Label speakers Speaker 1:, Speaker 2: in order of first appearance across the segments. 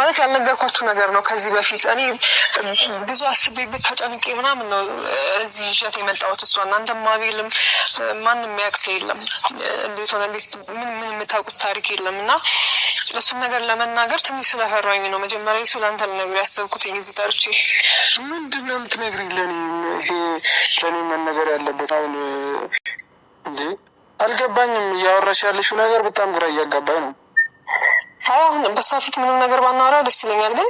Speaker 1: ማለት ያልነገርኳችሁ ነገር ነው። ከዚህ በፊት እኔ ብዙ አስቤበት ተጨንቄ ምናምን ነው እዚህ ይዣት የመጣሁት። እሷ እናንተ ማቤልም ማንም የሚያውቅ ሰው የለም። እንዴት ሆነ ምን ምን የምታውቁት ታሪክ የለም እና እሱም ነገር ለመናገር ትንሽ ስለፈራኝ ነው መጀመሪያ ሱ ለአንተ ልነግር ያሰብኩት የጊዜ ጠርቼ
Speaker 2: ምንድን ነው የምትነግሪኝ? ለኔ ይሄ ለኔ መነገር ያለበት አሁን እንዴ አልገባኝም። እያወራሽ ያለሽው ነገር በጣም ግራ እያጋባኝ ነው።
Speaker 1: አሁን በሷ ፊት ምንም ነገር ባናወራ ደስ ይለኛል፣ ግን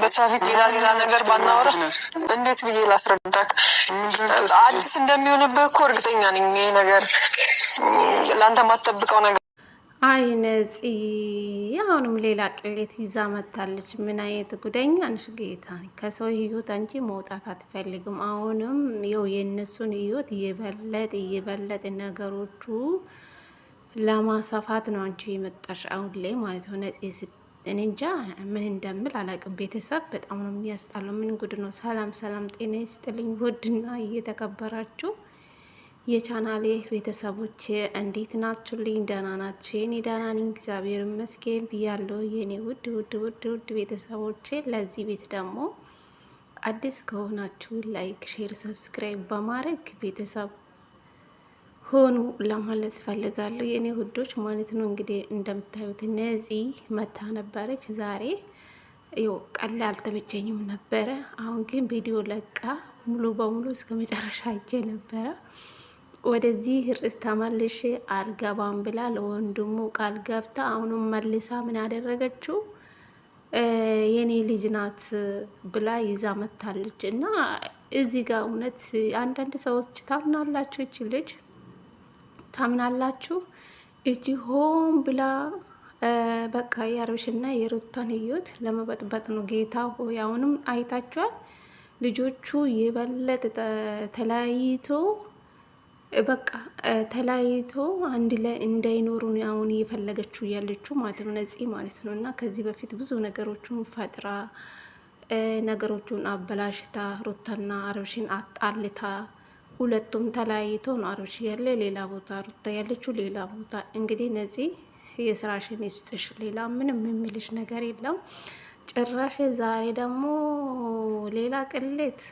Speaker 1: በሷ ፊት ሌላ ሌላ ነገር ባናወራ እንዴት ብዬ ላስረዳክ? አዲስ እንደሚሆንብህ እኮ እርግጠኛ ነኝ። ይሄ ነገር ለአንተ የማትጠብቀው ነገር
Speaker 3: አይ ነፂ አሁንም ሌላ ቅሌት ይዛ መታለች። ምን አይነት ጉደኛ ነሽ ጌታ! ከሰው ህይወት አንቺ መውጣት አትፈልግም። አሁንም የው የእነሱን ህይወት እየበለጥ እየበለጥ ነገሮቹ ለማሰፋት ነው አንቺ የመጣሽ አሁን ላይ ማለት ሆነ። እኔ እንጃ ምን እንደምል አላቅም። ቤተሰብ በጣም ነው የሚያስጣለው። ምን ጉድ ነው! ሰላም ሰላም፣ ጤና ይስጥልኝ ውድና እየተከበራችሁ የቻናሌ ቤተሰቦች እንዴት ናችሁ? ልኝ ደህና ናችሁ? የኔ ደህና ነኝ እግዚአብሔር ይመስገን ብያለሁ። የኔ ውድ ውድ ውድ ውድ ቤተሰቦቼ ለዚህ ቤት ደግሞ አዲስ ከሆናችሁ ላይክ፣ ሼር፣ ሰብስክራይብ በማድረግ ቤተሰብ ሆኑ ለማለት ፈልጋለሁ። የእኔ ውዶች ማለት ነው። እንግዲህ እንደምታዩት እነዚህ መታ ነበረች ዛሬ ይኸው ቀላል አልተመቸኝም ነበረ። አሁን ግን ቪዲዮ ለቃ ሙሉ በሙሉ እስከ መጨረሻ እጄ ነበረ ወደዚህ ርዕስ ተመልሽ አልገባም ብላ ለወንድሙ ቃል ገብታ አሁንም መልሳ ምን ያደረገችው የኔ ልጅ ናት ብላ ይዛ መታለች። እና እዚህ ጋር እውነት አንዳንድ ሰዎች ታምናላችሁ፣ እች ልጅ ታምናላችሁ። እጅ ሆን ብላ በቃ የአብርሽና የሩታን ህይወት ለመበጥበጥ ነው። ጌታ ሆይ አሁንም አይታችኋል። ልጆቹ የበለጠ ተለያይቶ በቃ ተለያይቶ አንድ ላይ እንዳይኖሩ አሁን እየፈለገችው ያለችው ማለት ነው ነፂ ማለት ነው። እና ከዚህ በፊት ብዙ ነገሮችን ፈጥራ ነገሮቹን አበላሽታ ሩታና አብርሽን አጣልታ ሁለቱም ተለያይቶ ነው አብርሽ ያለ ሌላ ቦታ፣ ሩታ ያለችው ሌላ ቦታ። እንግዲህ ነፂ የስራሽን ይስጥሽ፣ ሌላ ምንም የሚልሽ ነገር የለም። ጭራሽ ዛሬ ደግሞ ሌላ ቅሌት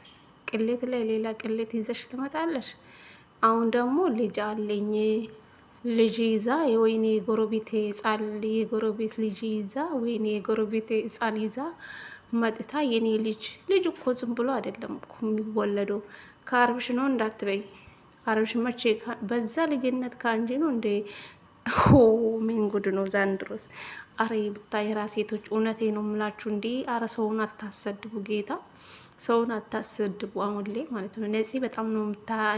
Speaker 3: ቅሌት ላይ ሌላ ቅሌት ይዘሽ ትመጣለሽ። አሁን ደግሞ ልጅ አለኝ ልጅ ይዛ ወይኔ የጎረቤት ህጻን የጎረቤት ልጅ ይዛ ወይኔ የጎረቤት ህጻን ይዛ መጥታ የኔ ልጅ ልጅ እኮ ዝም ብሎ አይደለም እኮ የሚወለደው ከአርብሽ ነው እንዳትበይ። አርብሽ መቼ በዛ ልጅነት ከአንጂ ነው እንደ ሜንጉድ ነው ዛንድሮስ። አረ ቡታየራ ሴቶች እውነቴ ነው የምላችሁ እንዲ አረ ሰውን አታሰድቡ ጌታ ሰውን አታስድቡ። አሁን ላይ ማለት ነው ነፂ በጣም ነው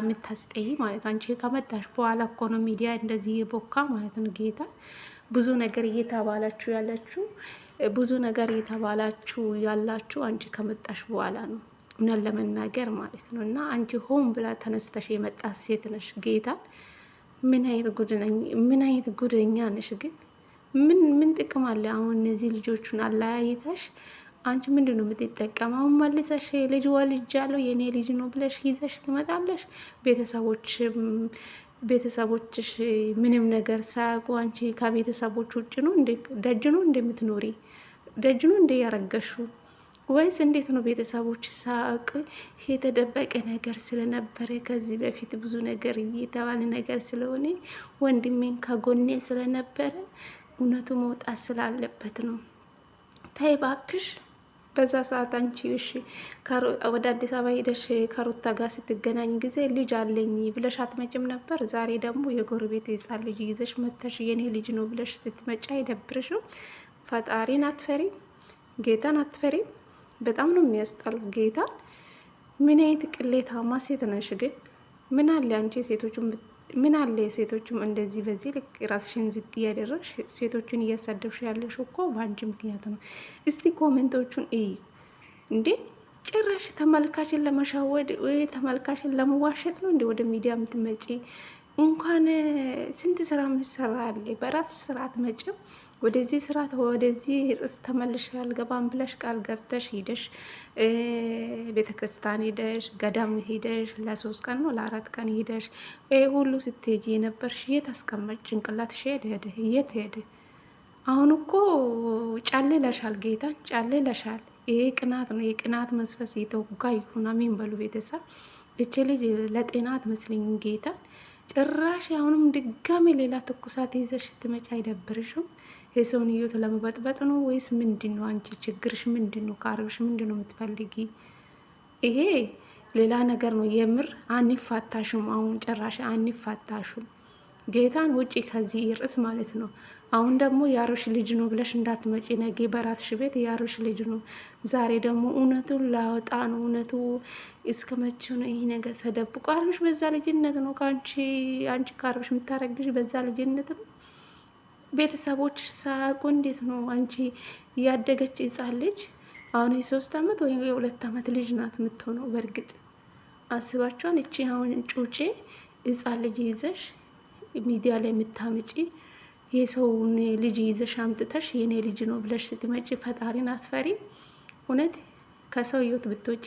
Speaker 3: የምታስጠይ ማለት ነው። አንቺ ከመጣሽ በኋላ እኮ ነው ሚዲያ እንደዚህ የቦካ ማለት ነው። ጌታ ብዙ ነገር እየተባላችሁ ያላችሁ ብዙ ነገር እየተባላችሁ ያላችሁ አንቺ ከመጣሽ በኋላ ነው እውነት ለመናገር ማለት ነው። እና አንቺ ሆን ብላ ተነስተሽ የመጣ ሴት ነሽ። ጌታ ምን አይነት ጉድኛ ነሽ ግን ምን ምን ጥቅም አለ አሁን እነዚህ ልጆቹን አለያይተሽ አንቺ ምንድን ነው የምትጠቀም? አሁን መልሰሽ ልጅ ወልጃለሁ የእኔ ልጅ ነው ብለሽ ይዘሽ ትመጣለሽ። ቤተሰቦች ቤተሰቦችሽ ምንም ነገር ሳያውቁ አንቺ ከቤተሰቦች ውጭ ነው ደጅ ነው የምትኖሪ? ደጅ ነው እንደ ያረገሹ ወይስ እንዴት ነው? ቤተሰቦች ሳቅ የተደበቀ ነገር ስለነበረ ከዚህ በፊት ብዙ ነገር እየተባለ ነገር ስለሆነ ወንድሜን ከጎኔ ስለነበረ እውነቱ መውጣት ስላለበት ነው። ተይ እባክሽ። በዛ ሰዓት አንቺ እሺ ወደ አዲስ አበባ ሄደሽ ከሩታ ጋር ስትገናኝ ጊዜ ልጅ አለኝ ብለሽ አትመጭም ነበር? ዛሬ ደግሞ የጎረቤት የጻን ልጅ ይዘሽ መተሽ የኔ ልጅ ነው ብለሽ ስትመጪ አይደብርሽም? ፈጣሪን አትፈሪ? ጌታን አትፈሪ? በጣም ነው የሚያስጠሉ ጌታ። ምን አይነት ቅሌታማ ሴት ነሽ ግን! ምን አለ አንቺ ሴቶቹን ምን አለ ሴቶቹም እንደዚህ በዚህ ልክ ራስሽን ዝቅ እያደረግሽ ሴቶቹን እያሳደብሽ ያለሽ እኮ በአንቺ ምክንያት ነው። እስቲ ኮመንቶቹን እይ እንዴ! ጭራሽ ተመልካችን ለመሻወድ ተመልካችን ለመዋሸት ነው እንዴ ወደ ሚዲያ የምትመጪ? እንኳን ስንት ስራ ምሰራ አለ በራስ ስርዓት መጭም ወደዚህ ስራ ወደዚህ ርዕስ ተመልሽ ያልገባን ብለሽ ቃል ገብተሽ ሂደሽ ቤተክርስቲያን ሂደሽ ገዳም ሂደሽ ለሶስት ቀን ነው ለአራት ቀን ሂደሽ ይህ ሁሉ ስትሄጂ የነበርሽ የት አስቀመጭ? ጭንቅላትሽ የት ሄደ? የት ሄደ? አሁን እኮ ጫሌ ለሻል ጌታን ጫሌ ለሻል። ይሄ ቅናት ነው። የቅናት መንፈስ የተወጋ ይሁን። አሜን በሉ ቤተሰብ። እች ልጅ ለጤናት መስለኝ ጌታን ጭራሽ አሁንም ድጋሜ ሌላ ትኩሳት ይዘሽ ስትመጪ አይደብርሽም? የሰውን ህይወት ለመበጥበጥ ነው ወይስ ምንድን ነው? አንቺ ችግርሽ ምንድን ነው? ከአርብሽ ምንድን ነው የምትፈልጊ? ይሄ ሌላ ነገር ነው። የምር አንፋታሽም። አሁን ጭራሽ አንፋታሽም። ጌታን ውጪ ከዚህ ርዕስ ማለት ነው። አሁን ደግሞ የአብርሽ ልጅ ነው ብለሽ እንዳትመጪ። ነገ በራስሽ ቤት የአብርሽ ልጅ ነው። ዛሬ ደግሞ እውነቱን ላወጣ ነው። እውነቱ እስከ መቼው ነው ይህ ነገር ተደብቆ? አብርሽ በዛ ልጅነት ነው ከአንቺ አንቺ ከአብርሽ የምታረግሽ በዛ ልጅነት ነው። ቤተሰቦች ሳያውቁ እንዴት ነው አንቺ ያደገች ሕፃን ልጅ አሁን የሶስት አመት ወይ የሁለት አመት ልጅ ናት የምትሆነው። በእርግጥ አስባችኋን እቺ አሁን ጩጬ ሕፃን ልጅ ይዘሽ ሚዲያ ላይ የምታምጪ የሰውን ልጅ ይዘሽ አምጥተሽ የኔ ልጅ ነው ብለሽ ስትመጪ ፈጣሪን አስፈሪ። እውነት ከሰው ህይወት ብትወጪ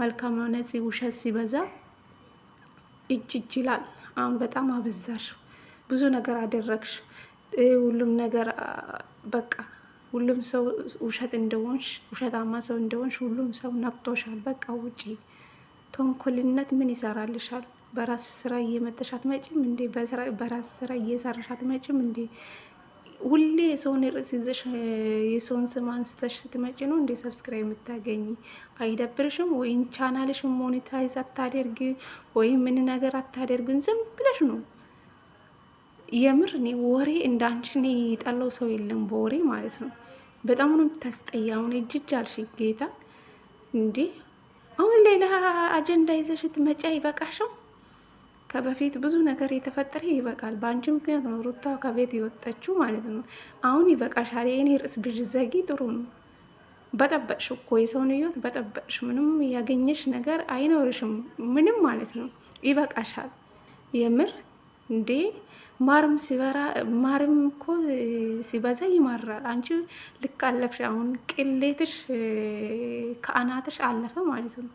Speaker 3: መልካም ነው። ነፂ ውሸት ሲበዛ እጅ እጅ ይላል። አሁን በጣም አበዛሽ፣ ብዙ ነገር አደረግሽ። ሁሉም ነገር በቃ ሁሉም ሰው ውሸት እንደሆንሽ ውሸታማ ሰው እንደሆንሽ ሁሉም ሰው ነቅቶሻል። በቃ ውጪ። ተንኮልነት ምን ይሰራልሻል? በራስ ስራ እየመጠሽ አትመጭም እንዴ? በራስ ስራ እየሰራሽ አትመጭም እንዴ? ሁሌ የሰውን ርዕስ ይዘሽ የሰውን ስም አንስተሽ ስትመጪ ነው እንዴ ሰብስክራይብ የምታገኝ? አይደብርሽም ወይም ቻናልሽን ሞኔታይዝ አታደርግ ወይም ምን ነገር አታደርግን? ዝም ብለሽ ነው የምር እኔ ወሬ እንዳንቺ እኔ የጠላው ሰው የለም፣ በወሬ ማለት ነው። በጣም ነው ተስጠያ። ተስጠያውን እጅጅ አልሽ ጌታ እንዴ አሁን ሌላ አጀንዳ ይዘሽ ትመጪ አይበቃሽም? ከበፊት ብዙ ነገር የተፈጠረ ይበቃል። በአንቺ ምክንያት ነው ሩታ ከቤት የወጣችው ማለት ነው። አሁን ይበቃሻል። የኔ ርዕስ ብትዘጊ ጥሩ ነው። በጠበቅሽ እኮ የሰውን ህይወት በጠበቅሽ። ምንም ያገኘሽ ነገር አይኖርሽም። ምንም ማለት ነው። ይበቃሻል። የምር እንዴ ማርም ሲበራ ማርም እኮ ሲበዛ ይማራል። አንቺ ልክ አለፍሽ። አሁን ቅሌትሽ ከአናትሽ አለፈ ማለት ነው።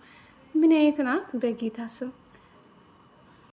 Speaker 3: ምን አይነት ናት በጌታ ስም